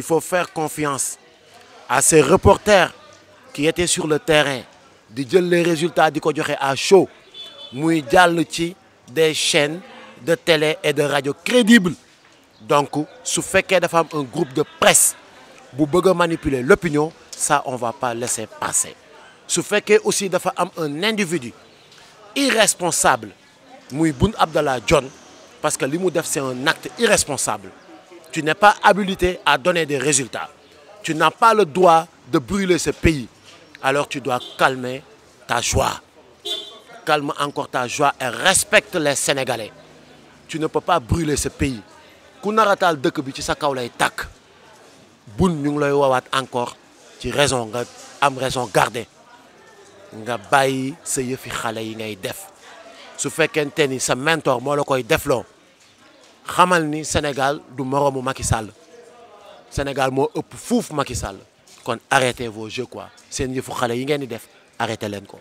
il faut faire confiance à ces reporters qui étaient sur le terrain di jël les résultats di ko joxe à chaud muy jàll ci des chaînes de télé et de radio crédibles donc su fekkee dafa am un groupe de presse bu bëgg a manipuler l'opinion sa on va pas laisser passer su fekkee aussi dafa am un individu irresponsable muy Boun Abdallah Dionne parce que li mu def c'est un acte irresponsable tu n'es pas habilité à donner des résultats. Tu n'as pas le droit de brûler ce pays. Alors tu dois calmer ta joie. Calme encore ta joie et respecte les Sénégalais. Tu ne peux pas brûler ce pays. ku narataal dëkk bi ci sa kaw lay tàkk bun ñu ngi lay woowaat encore ci raison nga am raison garder nga bàyyi sa yëfi xale yi ngay def su fekkente ni sa mentor moo la koy defloo xamal ni Sénégal du moro mu Macky Sall Sénégal moo ëpp fuuf maki Sall kon arrêtez vos jeux quoi seen yëfu xale yi ngeen di def arrêté leen ko.